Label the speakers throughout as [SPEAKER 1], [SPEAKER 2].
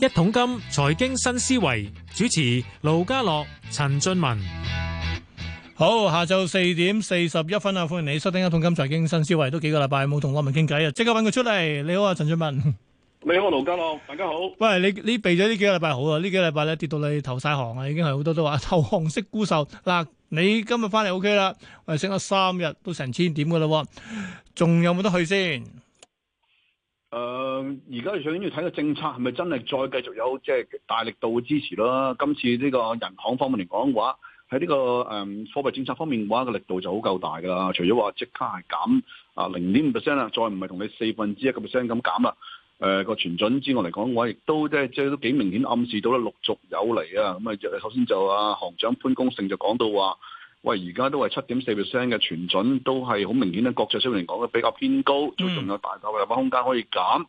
[SPEAKER 1] 一桶金財經新思維主持盧家樂、陳俊文，好，下晝四點四十一分啊，歡迎你收聽一桶金財經新思維，都幾個禮拜冇同我哋傾偈啊，即刻搵佢出嚟。你好啊，陳俊文，
[SPEAKER 2] 你好啊，
[SPEAKER 1] 盧家樂，大家好。喂，你你避咗呢幾個禮拜好啊？這幾個呢幾個禮拜咧跌到你頭晒行啊，已經係好多都話頭寒色孤瘦。嗱，你今日翻嚟 OK 啦，升咗三日都成千點噶啦，仲有冇得去先？.
[SPEAKER 2] 誒、呃，而家最緊要睇個政策係咪真係再繼續有即係大力度嘅支持咯？今次呢個人行方面嚟講嘅話，喺呢、這個誒貨幣政策方面嘅話個力度就好夠大噶啦。除咗話即刻係減啊零點五 percent 再唔係同你四分之一個 percent 咁減啦。誒個存準之外嚟講嘅話，亦都即係即係都幾明顯暗示到啦，陸續有嚟啊。咁啊，首先就阿行長潘功勝就講到話。喂，而家都係七點四 percent 嘅存準，都係好明顯咧。國際水平嚟講咧，比較偏高，仲有大嚿入翻空間可以減，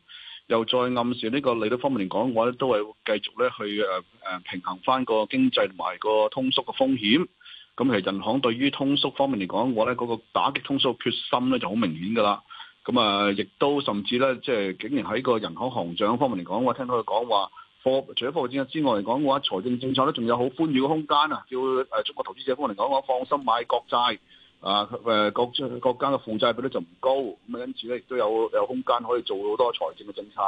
[SPEAKER 2] 又再暗示呢個利率方面嚟講嘅話咧，都係繼續咧去誒誒平衡翻個經濟同埋個通縮嘅風險。咁其實人行對於通縮方面嚟講嘅話咧，嗰、嗰個打擊通縮決心咧就好明顯噶啦。咁啊，亦都甚至咧，即係竟然喺個人行行長方面嚟講，我聽到佢講話。除咗貨幣政策之外嚟講嘅話，財政政策咧，仲有好寬裕嘅空間啊！叫誒中國投資者方面嚟講，我放心買國債啊，誒國出國家嘅負債比率就唔高，咁啊因此咧，亦都有有空間可以做好多財政嘅政策。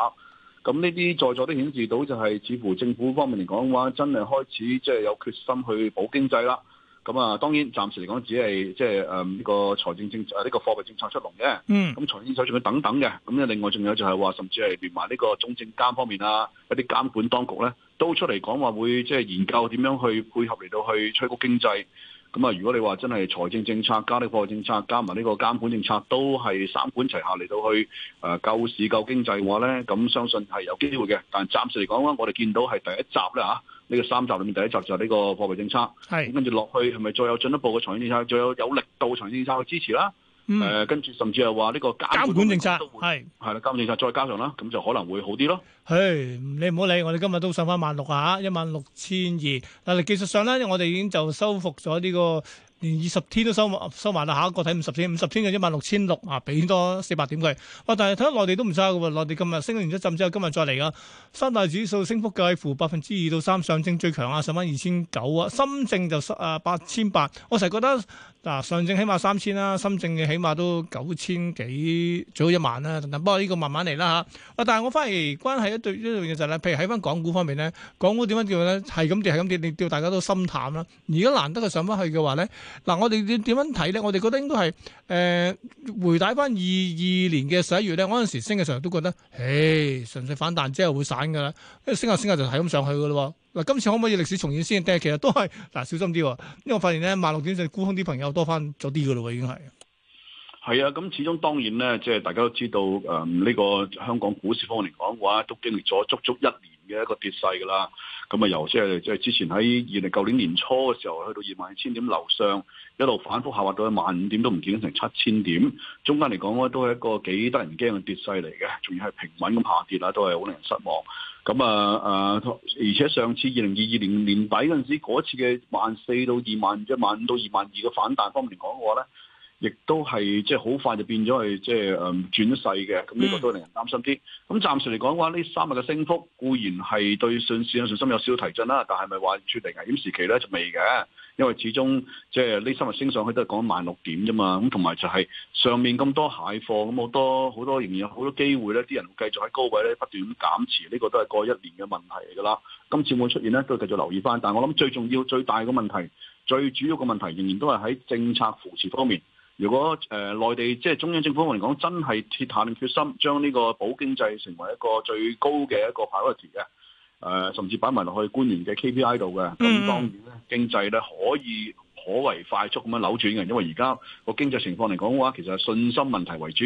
[SPEAKER 2] 咁呢啲在座都顯示到，就係似乎政府方面嚟講嘅話，真係開始即係有決心去保經濟啦。咁啊，當然暫時嚟講，只係即係誒呢個財政政策、呢、呢個貨幣政策出籠嘅。嗯。咁財政政策仲要等等嘅。咁咧，另外仲有就係話，甚至係連埋呢個中證監方面啊，一啲監管當局咧，都出嚟講話會即係研究點樣去配合嚟到去催谷經濟。咁啊，如果你話真係財政政策加啲貨幣政策加埋呢個監管政策，都係三管齊下嚟到去誒救市救經濟嘅話咧，咁相信係有機會嘅。但係暫時嚟講咧，我哋見到係第一集啦吓呢、這個三集裏面第一集就係呢個貨幣政策，咁跟住落去係咪再有進一步嘅財政政策，再有有力度財政政策嘅支持啦？誒、嗯，跟、呃、住甚至係話呢個監管政策都會，係係啦，監管政策再加上啦，咁就可能會好啲咯。
[SPEAKER 1] 嘿，你唔好理，我哋今日都上翻萬六啊，一萬六千二，但係技術上咧，我哋已經就收復咗呢個。連二十天都收埋收埋啦，下一個睇五十天，五十天嘅，一萬六千六啊，俾多四百點佢。哇、啊！但係睇下內地都唔差㗎喎，內、uh, 地今日升完咗一浸之後，今日再嚟噶三大指數升幅介乎百分之二到三，上證最強啊，十蚊二千九啊，深證就八千八。啊、8, 800, 我成日覺得。嗱，上證起碼三千啦，深證嘅起碼都九千幾，最好一萬啦。不過呢個慢慢嚟啦嚇。啊，但係我反而關係一對一樣嘢就係、是，譬如喺翻港股方面咧，港股點樣叫咧？係咁跌係咁跌，跌跌大家都心淡啦。如果難得佢上翻去嘅話咧，嗱，我哋點點樣睇咧？我哋覺得應該係誒回帶翻二二年嘅十一月咧，嗰陣時升嘅時候都覺得，唉，純粹反彈之後會散㗎啦。跟住升下升下就係咁上去㗎咯。嗱，今次可唔可以歷史重演先？但係其實都係嗱，小心啲，因為我發現咧萬六點就沽空啲朋友多翻咗啲噶咯，已經
[SPEAKER 2] 係係啊，咁始終當然咧，即係大家都知道，誒呢個香港股市方面嚟講嘅話都經歷咗足足一年，嘅一個跌勢噶啦，咁啊尤其係即係之前喺二零舊年年初嘅時候，去到二萬二千點樓上，一路反覆下滑到一萬五點都唔見成七千點，中間嚟講咧都係一個幾得人驚嘅跌勢嚟嘅，仲要係平穩咁下跌啦，都係好令人失望。咁啊啊，而且上次二零二二年年底嗰陣時嗰次嘅萬四到二萬一萬五到二萬二嘅反彈方面嚟講嘅話咧。亦都係即係好快就變咗係即係誒轉勢嘅，咁呢個都令人擔心啲。咁、嗯、暫時嚟講話，呢三日嘅升幅固然係對信心、信心有少少提振啦，但係咪話絕定危險時期咧就未嘅？因為始終即係呢三日升上去都係講萬六點啫嘛。咁同埋就係上面咁多蟹貨，咁好多好多仍然有好多機會咧，啲人繼續喺高位咧不斷咁減持，呢、呢個都係過一年嘅問題嚟㗎啦。今次會出現咧都繼續留意翻。但係我諗最重要、最大嘅問題、最主要嘅問題仍然都係喺政策扶持方面。如果誒、呃、內地即係中央政府嚟講，真係鐵下定決心，將呢個保經濟成為一個最高嘅一個 priority 嘅，誒、呃、甚至擺埋落去官員嘅 KPI 度嘅，咁、嗯、當然咧經濟咧可以可為快速咁樣扭轉嘅，因為而家個經濟情況嚟講嘅話，其實係信心問題為主，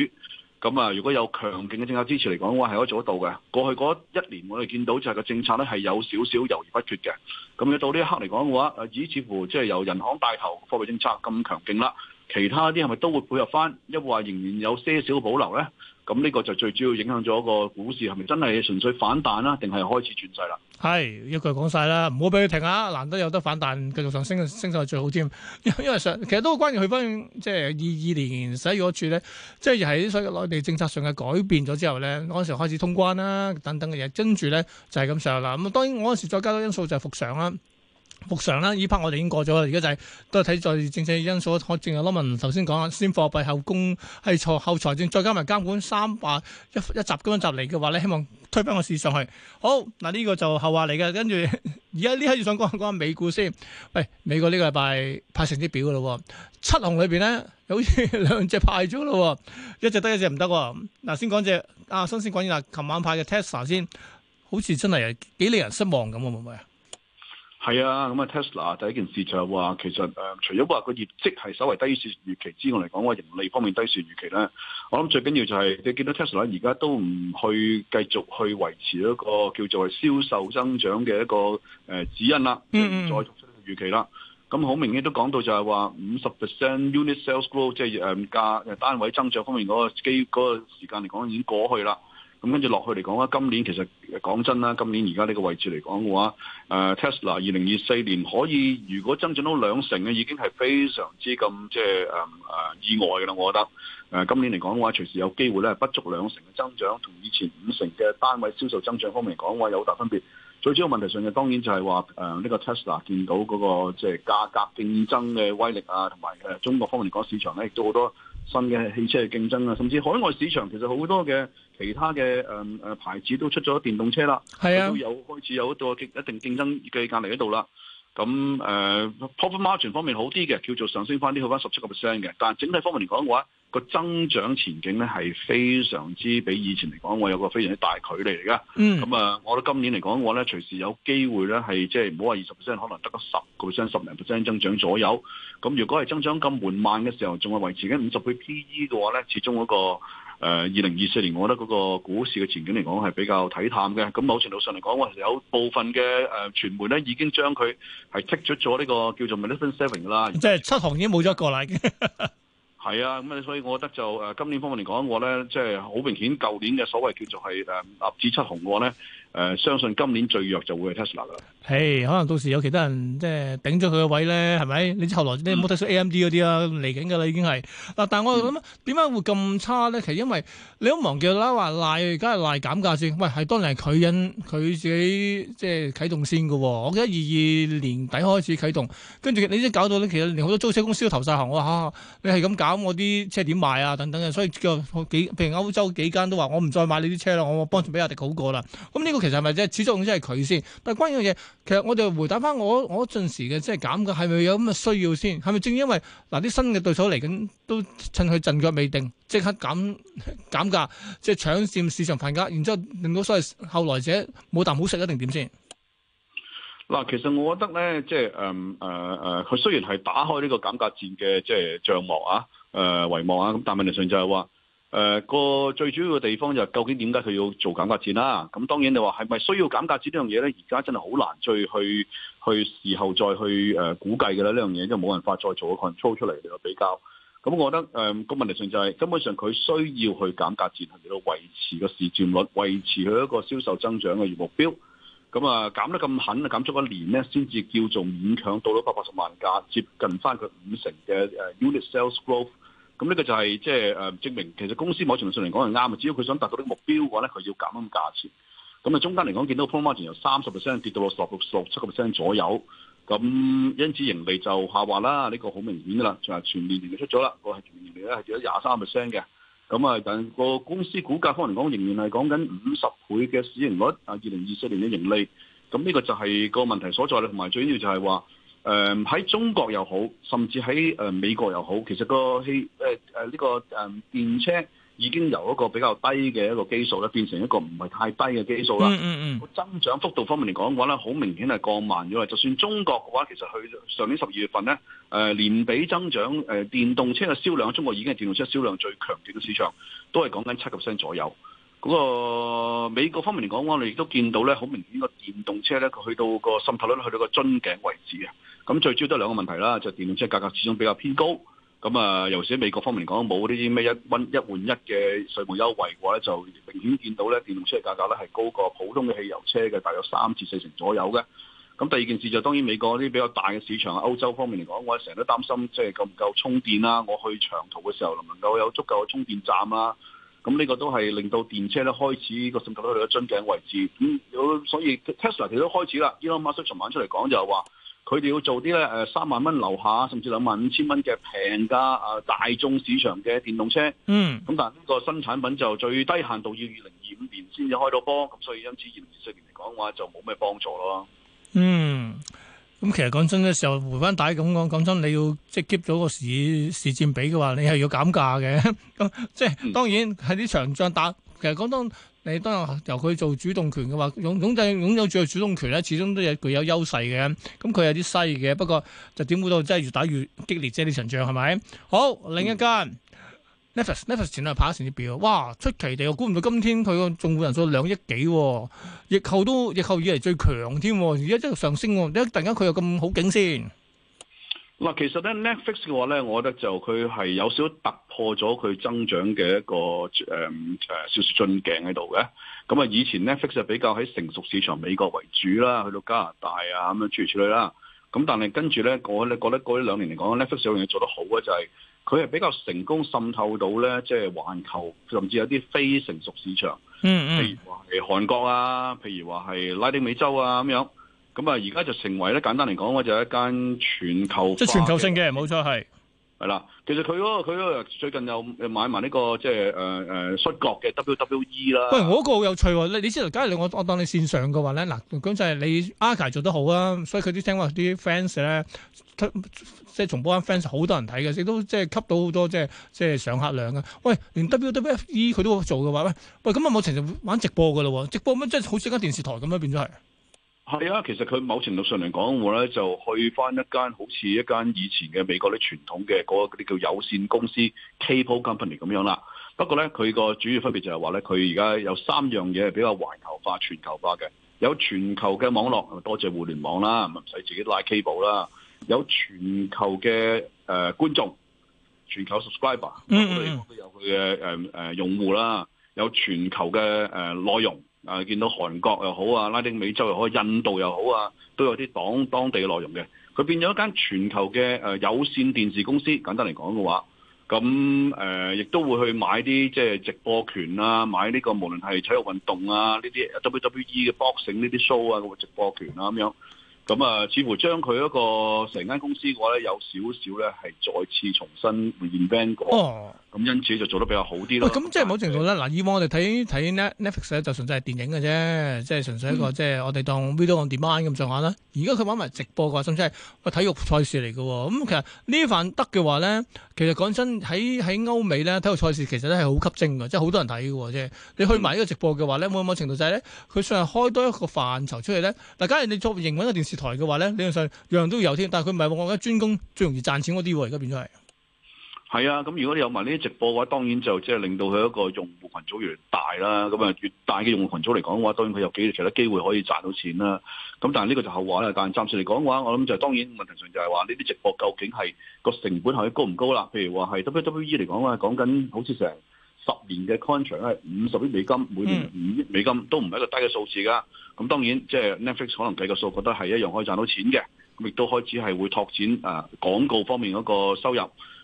[SPEAKER 2] 咁啊如果有強勁嘅政策支持嚟講嘅話，係可以做得到嘅。過去嗰一年我哋見到就係個政策咧係有少少猶豫不決嘅，咁你到呢一刻嚟講嘅話，以似乎即係由人行帶頭貨幣政策咁強勁啦。其他啲係咪都會配合翻？抑或仍然有些少保留咧，咁呢個就最主要影響咗個股市係咪真係純粹反彈啦？定係開始轉勢啦？
[SPEAKER 1] 係一句講晒啦，唔好俾佢停下！難得有得反彈，繼續上升升上去最好添。因為上其實都關於去翻，即係二二年十一月嗰處咧，即係喺所有內地政策上嘅改變咗之後咧，嗰陣時開始通關啦，等等嘅嘢，跟住咧就係咁上啦。咁當然嗰陣時再加多因素就係復上啦。目前啦，呢 part 我哋已經過咗啦，而家就係、是、都係睇在政策因素，我正又攞，文頭先講啦，先貨幣後供係錯，後財政再加埋監管三百一一集咁樣集嚟嘅話咧，希望推返個市上去。好，嗱、這、呢個就後話嚟嘅，跟住而家呢一刻要想講講下美股先。喂，美國呢個禮拜派成績表噶咯，七雄裏邊咧，好似兩隻派咗咯，一隻得，一隻唔得。嗱，先講隻啊，新鮮講下琴晚派嘅 Tesla 先，好似真係幾令人失望咁，會唔會啊？
[SPEAKER 2] 係啊，咁啊 Tesla 第一件事就係話，其實誒、呃，除咗話個業績係稍為低於預期之外嚟講，個盈利方面低於預期咧，我諗最緊要就係你見到 Tesla 而家都唔去繼續去維持一個叫做係銷售增長嘅一個誒指引啦，嗯嗯，再預期啦。咁好明顯都講到就係話，五十 percent unit sales growth，即係誒價單位增長方面嗰個、嗰個時間嚟講已經過去啦。咁跟住落去嚟講啊，今年其實講真啦，今年而家呢個位置嚟講嘅話，Tesla 二零二四年可以如果增長到兩成嘅，已經係非常之咁即係意外嘅啦。我覺得、呃、今年嚟講嘅話，隨時有機會咧不足兩成嘅增長，同以前五成嘅單位銷售增長方面嚟講嘅話有好大分別。最主要問題上嘅當然就係話呢個 Tesla 見到嗰個即係價格競爭嘅威力啊，同埋中國方面嚟講市場咧亦都好多，新嘅汽車嘅競爭啊，甚至海外市場其實好多嘅其他嘅誒誒牌子都出咗電動車啦，係啊，都有開始有一個一定競爭嘅壓力喺度啦。咁誒、呃，profit margin 方面好啲嘅，叫做上升翻啲，去翻十七個 percent 嘅，但係整體方面嚟講嘅話，個增長前景咧係非常之比以前嚟講，我有個非常之大距離嚟噶。咁、嗯、啊、嗯，我覺得今年嚟講，我咧隨時有機會咧係即係唔好話二十 percent，可能得個十個 percent、十零 percent 增長左右。咁如果係增長咁緩慢嘅時候，仲係維持緊五十倍 PE 嘅話咧，始終嗰、那個二零二四年，我覺得嗰個股市嘅前景嚟講係比較睇淡嘅。咁某程度上嚟講，我有部分嘅誒、呃、傳媒咧已經將佢係剔出咗呢、這個叫做 Magnificent Seven 啦。即、
[SPEAKER 1] 就、係、是、七行已經冇咗一個啦。
[SPEAKER 2] 係啊，咁啊，所以我覺得就誒今年方面嚟講，我咧即係好明顯舊年嘅所謂叫做係誒納指七紅，嘅話咧。誒，相信今年最弱就會係 Tesla 啦。
[SPEAKER 1] Hey，可能到時有其他人即係頂咗佢個位咧，係咪？你知後來啲摩、嗯、出 A.M.D. 嗰啲啊？嚟緊噶啦，已經係嗱。但係我又諗點解會咁差咧？其實因為你都忘記啦，話賴，而家係賴減價先。喂，係當然係佢因佢自己即係啟動先噶。我記得二二年底開始啟動，跟住你知搞到其實連好多租車公司都投晒行。我、啊、話你係咁搞，我啲車點賣啊？等等所以叫幾，譬如歐洲幾間都話，我唔再買你啲車啦，我幫住比亞迪好過啦。咁呢、這個。其實係咪即係始終即係佢先，但係關樣嘢，其實我哋回答翻我我嗰陣時嘅即係減價係咪有咁嘅需要先？係咪正因為嗱啲、啊、新嘅對手嚟緊，都趁佢陣腳未定，即刻減減價，即係搶佔市場份額，然之後令到所謂後來者冇啖好食，一定點先？
[SPEAKER 2] 嗱，其實我覺得咧，即係誒誒誒，佢、呃呃、雖然係打開呢個減價戰嘅即係賬幕啊、誒、呃、帷幕啊，咁但係問題上就係、是、話、誒、呃、個最主要嘅地方就係究竟點解佢要做減價戰啦、啊？咁當然你話係咪需要減價戰呢樣嘢咧？而家真係好難去去去時候再去去事後再去誒估計㗎啦，呢樣嘢就冇辦法再做一個 control 出嚟嚟去比較。咁我覺得誒、呃那個問題上就係、是、根本上佢需要去減價戰嚟到維持個市佔率，維持佢一個銷售增長嘅目標。咁啊、呃、減得咁狠啊減咗一年咧，先至叫做勉強到咗百八萬架，接近翻佢五成嘅、uh, unit sales growth。咁、這、呢個就係即係誒證明，其實公司某程度上嚟講係啱嘅。只要佢想達到啲目標嘅話咧，佢要減咁價錢。咁啊，中間嚟講見到 promotion 由三十 percent 跌到落十六、十七個 percent 左右。咁因此盈利就下滑啦，呢、這個好明顯㗎啦。就係全年盈利出咗啦，個係全年盈利咧係跌咗廿三 percent 嘅。咁啊，但個公司股價方面講，仍然係講緊五十倍嘅市盈率啊，二零二四年嘅盈利。咁、這、呢個就係個問題所在，同埋最緊要就係話。誒，喺中國又好，甚至喺誒美國又好，其實個汽誒誒呢個誒電車已經由一個比較低嘅一個基數咧，變成一個唔係太低嘅基數啦。嗯嗯個、嗯、增長幅度方面嚟講嘅話咧，好明顯係降慢咗。就算中國嘅話，其實佢上年十二月份咧，誒年比增長誒電動車嘅銷量，中國已經係電動車銷量最強勁嘅市場，都係講緊七 percent 左右。嗰、個美國方面嚟講，我哋亦都見到咧，好明顯個電動車咧，佢去到個滲透率去到個樽頸位置啊。咁最主要都兩個問題啦，就係電動車價格始終比較偏高。咁啊，尤其喺美國方面嚟講，冇啲咩一換一換一嘅稅務優惠嘅話咧，就明顯見到咧電動車嘅價格咧係高過普通嘅汽油車嘅，大約三至四成左右嘅。咁第二件事就當然美國啲比較大嘅市場，歐洲方面嚟講，我成日都擔心即係夠唔夠充電啦。我去長途嘅時候能唔能夠有足夠嘅充電站啊？咁呢個都係令到電車咧開始個涉及到佢嘅樽頸位置。咁所以 Tesla 佢都開始啦，Elon Musk 昨晚出嚟講就係話。佢哋要做啲咧，誒、呃、三萬蚊樓下，甚至兩萬五千蚊嘅平價誒大眾市場嘅電動車。嗯。咁但係呢個新產品就最低限度要二零二五年先至開到波，咁所以因此二零二四年嚟講嘅話就冇咩幫助咯。嗯。
[SPEAKER 1] 咁、嗯、其實講真嘅時候，回翻帶咁講，講真你要即係 keep 到個市市佔比嘅話，你係要減價嘅。咁即係當然喺啲場上打。嗯其實講你當然由佢做主動權嘅話，擁，擁有最主動權咧，始終都有具有優勢嘅。咁佢有啲犀嘅，不過就點估到真係越打越激烈，啫。呢啲神仗係咪？好另一間、嗯、Netflix Netflix 前兩日成表，哇！出奇地我估唔到今天佢個訂戶人數兩億幾，疫後都疫後以嚟最強添，而家一路上升，點解突然間佢又咁好景先？
[SPEAKER 2] 嗱，其實咧 Netflix 嘅話咧，我覺得就佢係有少少突破咗佢增長嘅一個誒誒、嗯、少少樽頸喺度嘅。咁啊，以前 Netflix 就比較喺成熟市場美國為主啦，去到加拿大啊，咁樣諸如此類啦。咁但係跟住咧，我覺得過一兩年嚟講 ，Netflix 有樣嘢做得好嘅就係佢係比較成功滲透到咧，即係環球甚至有啲非成熟市場。嗯、mm-hmm、譬如話係韓國啊，譬如話係拉丁美洲啊咁樣。咁啊，而家就成為咧，簡單嚟講，我就是、一間全球即係全球性嘅，冇錯係。係啦，其實佢嗰個佢嗰個最近又買買埋呢個即係誒誒摔角嘅 WWE 啦。喂，我、那、
[SPEAKER 1] 嗰個好有趣喎、哦！你你先頭假如你我我當你線上嘅話咧，嗱咁就係你 a 卡做得好啊，所以佢啲聽話啲 fans 咧，即係重播啲 fans 好多人睇嘅，亦都即係吸到好多即係即係上客量嘅。喂，連 WWE 佢都做嘅話喂咁啊冇成日玩直播嘅嘞喎！直播咁即係好似間電視台咁樣變咗係。
[SPEAKER 2] 係啊，其實佢某程度上嚟講我咧，就去翻一間好似一間以前嘅美國啲傳統嘅嗰啲叫有線公司 Cable Company 咁樣啦。不過咧，佢個主要分別就係話咧，佢而家有三樣嘢比較環球化，全球化嘅，有全球嘅網絡，多謝互聯網啦，唔使自己拉 Cable 啦，有全球嘅誒、呃、觀眾，全球 subscriber，我哋都有佢嘅誒誒用戶啦，有全球嘅誒內容。啊！見到韓國又好啊，拉丁美洲又好，印度又好啊，都有啲擋當地嘅內容嘅。佢變咗一間全球嘅誒、呃、有線電視公司，簡單嚟講嘅話，咁誒亦都會去買啲即係直播權啊，買呢、這個無論係體育運動啊，呢啲 WWE 嘅 boxing 呢啲 show 啊，嗰個直播權啊咁樣。咁啊、呃，似乎將佢一個成間公司嘅話咧，有少少咧係再次重新回 e i n n t 過。咁因此就做得比較好啲咯。喂，
[SPEAKER 1] 咁即係某程度咧，嗱，以往我哋睇睇 Netflix 咧，就純粹係電影嘅啫，即、就、係、是、純粹一個即係、嗯、我哋當 video on demand 咁上下啦。而家佢玩埋直播嘅話，甚至係喂，體育賽事嚟嘅喎。咁、嗯嗯、其實呢範得嘅話咧，其實講真喺喺歐美咧，體育賽事其實咧係好吸睛嘅，即係好多人睇嘅即啫。就是、你去埋呢個直播嘅話咧，冇、嗯、某程度就係咧，佢算係開多一個範疇出嚟咧。但假如你作為營運一個電視台嘅話咧，你仲想樣樣都要有添？但係佢唔係我覺得專攻最容易賺錢嗰啲，而家變咗係。
[SPEAKER 2] 係啊，咁如果你有埋呢啲直播嘅話，當然就即係令到佢一個用戶群組越嚟越大啦。咁啊，越大嘅用戶群組嚟講嘅話，當然佢有幾其他機會可以賺到錢啦。咁但係呢個就後話啦。但係暫時嚟講嘅話，我諗就是、當然問題上就係話呢啲直播究竟係個成本係高唔高啦？譬如話係 WWE 嚟講啊，講緊好似成十年嘅 contract 係五十億美金，每年五億美金都唔係一個低嘅數字㗎。咁當然即係 Netflix 可能計個數，覺得係一樣可以賺到錢嘅。咁亦都開始係會拓展誒廣告方面嗰個收入。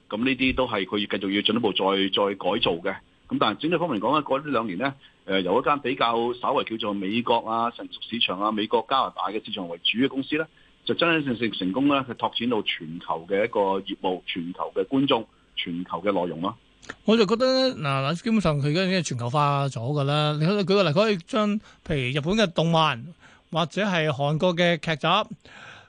[SPEAKER 2] 咁呢啲都係佢要繼續要進一步再再改造嘅。咁但係整體方面嚟講咧，過呢兩年咧，誒、呃、由一間比較稍為叫做美國啊成熟市場啊美國加拿大嘅市場為主嘅公司咧，就真真正正成功咧，去拓展到全球嘅一個業務、全球嘅觀眾、全球嘅內容啦、
[SPEAKER 1] 啊、我就覺得嗱嗱，基本上佢而家已經全球化咗㗎啦。你睇下舉個例，可以將譬如日本嘅動漫或者係韓國嘅劇集。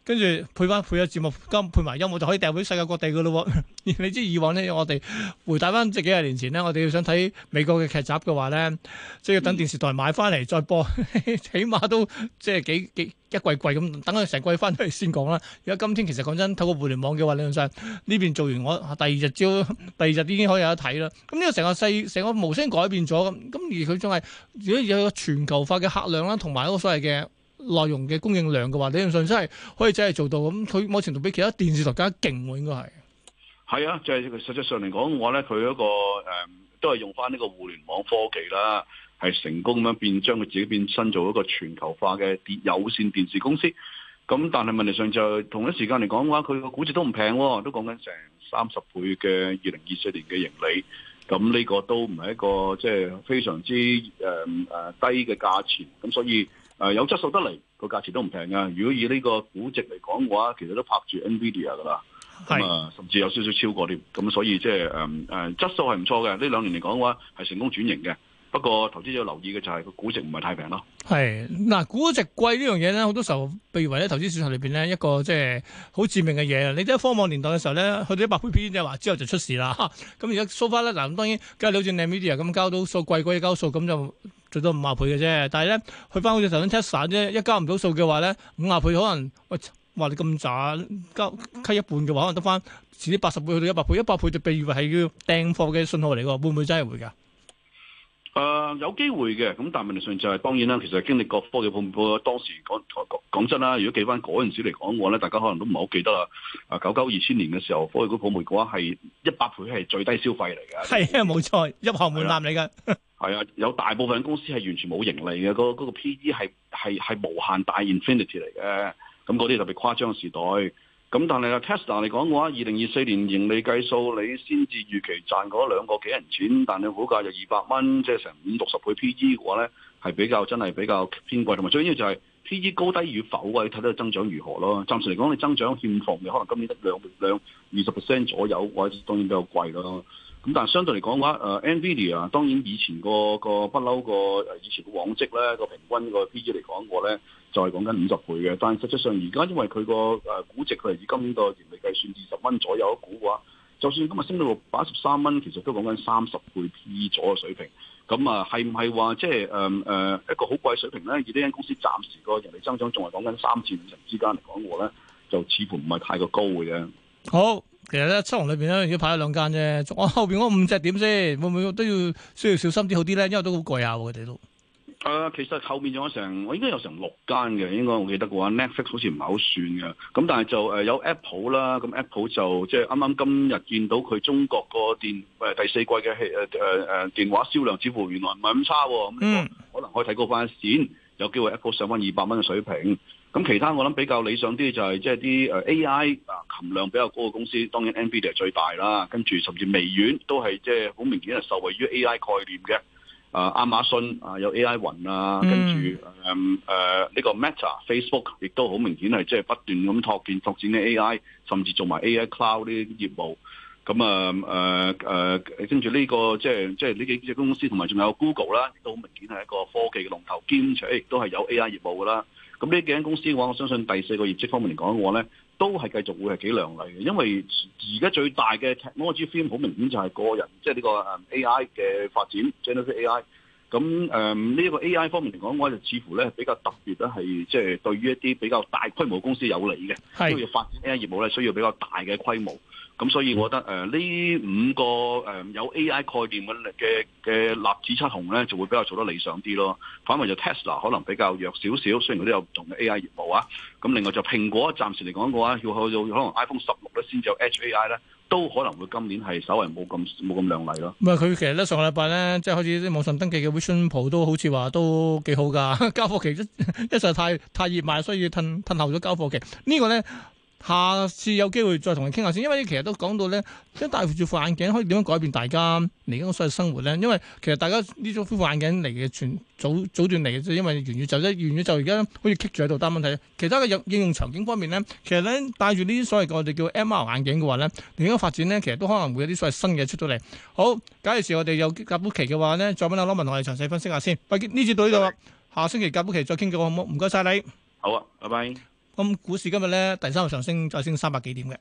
[SPEAKER 1] 跟住配翻配咗節目，今配埋音樂就可以掉去世界各地噶喇喎！ 你知以往咧，我哋回答翻即係幾廿年前咧，我哋要想睇美國嘅劇集嘅話咧，即係要等電視台買翻嚟再播，嗯、 起碼都即係幾幾一季季咁，等佢成季翻嚟先講啦。而家今天其實講真，透過互聯網嘅話，理論上呢邊做完我第二日朝，第二日已經可以有得睇啦。咁、這、呢個成個世，成個無聲改變咗咁，咁而佢仲係如果有個全球化嘅客量啦，同埋嗰個所謂嘅。內容嘅供應量嘅話，理論上真係可以真係做到咁。佢某程度比其他電視台更加勁喎，應該係。
[SPEAKER 2] 係啊，就係實際上嚟講嘅話，我咧佢一個誒、嗯、都係用翻呢個互聯網科技啦，係成功咁變將佢自己變身做一個全球化嘅有線電視公司。咁但係問題上就同一時間嚟講嘅話，佢個估值都唔平喎，都講緊成三十倍嘅二零二四年嘅盈利。咁呢個都唔係一個即係非常之誒誒、嗯呃、低嘅價錢。咁所以。誒、呃，有質素得嚟，個價錢都唔平噶。如果以呢個估值嚟講嘅話，其實都拍住 Nvidia 噶啦，咁啊，甚至有少少超過啲。咁所以即係誒質素係唔錯嘅。呢兩年嚟講嘅話，係成功轉型嘅。不過投資者要留意嘅就係個估值唔係太平咯。
[SPEAKER 1] 係嗱，估、呃、值貴呢樣嘢咧，好多時候，譬如喺投資市場裏面咧，一個即係好致命嘅嘢。你睇下科網年代嘅時候咧，佢哋一百倍 P P 就話之後就出事啦。咁而家 so far 呢，嗱，當然,當然今日你好似 Nvidia 咁交到數貴貴交數咁就。最多五啊倍嘅啫，但係咧去翻好似頭先 Tesla 散啫，一交唔到數嘅話咧，五啊倍可能喂話、哎、你咁渣，交虧一半嘅話，可能得翻至啲八十倍去到一百倍，一百倍就被認為係要訂貨嘅信號嚟噶，會唔會真係會噶？
[SPEAKER 2] 誒、呃，有機會嘅，咁但係問題上就係、是，當然啦，其實經歷過科技泡沫，當時講，講，講真啦，如果記翻嗰陣時嚟講嘅話咧，大家可能都唔係好記得啦。啊，九九二千年嘅時候，科技股泡沫嘅話係一百倍係最低消費嚟嘅，係
[SPEAKER 1] 冇錯，入行門檻嚟嘅。
[SPEAKER 2] 係 啊，有大部分公司係完全冇盈利嘅，嗰、那個個 P E 係係係無限大 infinity 嚟嘅，咁嗰啲特別誇張嘅時代。咁但係啊 Tesla 嚟講嘅話，二零二四年盈利計數，你先至預期賺嗰兩個幾銀錢，但你股價就二百蚊，即係成五六十倍 P/E 嘅話咧，係比較真係比較偏貴，同埋最緊要就係 P/E 高低與否，你睇到增長如何咯。暫時嚟講，你增長欠奉嘅，你可能今年得兩兩二十 percent 左右，或者當然比較貴咯。咁但係相對嚟講嘅話，誒 Nvidia 當然以前、個、個不嬲、個以前嘅往績咧，個平均個 P/E 嚟講嘅話咧。再係講緊五十倍嘅，但係實際上而家因為佢個誒估值，佢係以今年個年嚟計算二十蚊左右一股嘅話，就算今日升到六百一十三蚊，其實都講緊三十倍 P 咗嘅水平。咁啊，係唔係話即係誒誒一個好貴嘅水平咧？而呢間公司暫時個盈利增長仲係講緊三至五成之間嚟講嘅話咧，就似乎唔係太過高嘅啫。
[SPEAKER 1] 好，其實咧七龍裏邊咧要排咗兩間啫，我後邊嗰五隻點先會唔會都要需要小心啲好啲咧？因為都好貴啊，我哋都。
[SPEAKER 2] 啊，其實後面仲有成，我應該有成六間嘅，應該我記得嘅話，Netflix 好似唔係好算嘅。咁但係就有 Apple 啦，咁 Apple 就即係啱啱今日見到佢中國個電第四季嘅電話銷量似乎原來唔係咁差，咁、嗯嗯、可能可以睇高一線，有機會 Apple 上翻二百蚊嘅水平。咁其他我諗比較理想啲就係即係啲 AI 啊含量比較高嘅公司，當然 NVDA 最大啦，跟住甚至微軟都係即係好明顯係受惠於 AI 概念嘅。啊，亞馬遜啊，有 AI 雲啊，跟住誒誒呢個 Meta、Facebook 亦都好明顯係即係不斷咁拓展拓展啲 AI，甚至做埋 AI cloud 呢啲業務。咁啊誒誒，跟住呢個即係即係呢幾隻公司，同埋仲有 Google 啦，亦都好明顯係一個科技嘅龍頭，兼且亦都係有 AI 業務噶啦。咁呢幾間公司嘅話，我相信第四個業績方面嚟講嘅話咧。都係繼續會係幾靚麗嘅，因為而家最大嘅 technology theme 好明顯就係個人，即係呢個誒 AI 嘅發展，generative AI。咁誒呢一個 AI 方面嚟講，我就似乎咧比較特別咧，係即係對於一啲比較大規模公司有利嘅，因為發展 AI 業務咧需要比較大嘅規模。咁所以，我覺得誒呢、呃、五個誒、呃、有 AI 概念嘅嘅嘅臘子七雄咧，就會比較做得理想啲咯。反為就 Tesla 可能比較弱少少，雖然佢都有唔同嘅 AI 業務啊。咁另外就蘋果暫時嚟講，嘅話要去到可能 iPhone 十六咧先至有 HAI 呢。都可能會今年係稍為冇咁冇咁亮麗咯。
[SPEAKER 1] 唔係佢其實咧，上個禮拜咧，即係開始啲網上登記嘅 vision 報都好似話都幾好㗎。交貨期一實太太熱賣，所以滯滯後咗交貨期。這個、呢個咧。下次有機會再同你傾下先，因為其實都講到咧，即係戴住副眼鏡可以點樣改變大家嚟緊嘅所謂生活咧？因為其實大家呢種副眼鏡嚟嘅，全早早段嚟嘅啫，因為元宇宙即係元宇宙而家好似棘住喺度，但問題其他嘅應用場景方面咧，其實咧戴住呢啲所謂嘅我哋叫 MR 眼鏡嘅話咧，嚟緊發展咧，其實都可能會有啲所謂新嘅出到嚟。好，假如時我哋有夾保期嘅話咧，再問阿羅文同我哋詳細分析下先。呢次到呢度啦，下星期夾保期再傾嘅好唔好？唔該晒你。
[SPEAKER 2] 好啊，拜拜。
[SPEAKER 1] 咁股市今日咧，第三日上升，再升三百幾點嘅。